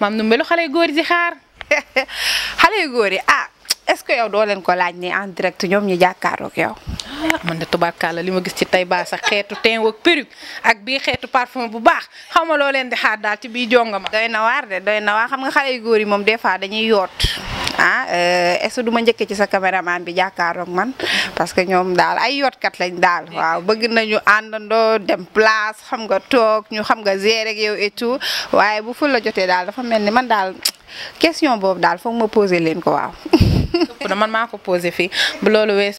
maam Ndoumbé lu xale yu góor yi di xaar xale yu góor yi ah est-ce que yow doo leen ko laaj ne en direct ñoom ñu jàkkaaroog yow. Ah, man de tubarkalla li ma gis ci tey baa sax xeetu teint ak perruque ak bii xeetu parfum bu baax xam nga loo leen di xaar daal ci bii jongama. doy na waar de doy na waar xam nga xale yu góor yi moom des fois dañuy yoot. ah euh, est-ce que du ma njëkk ci sa caméraman bi jàkkaaroog man parce que ñoom daal ay yootkat lañ daal waaw bëgg nañu àndandoo dem place xam nga toog ñu xam nga gérer ak yow et tout waaye bu ful la jotee daal dafa mel ni man daal question boobu daal foog ma poser leen ko waaw. man maa ko posé bu loolu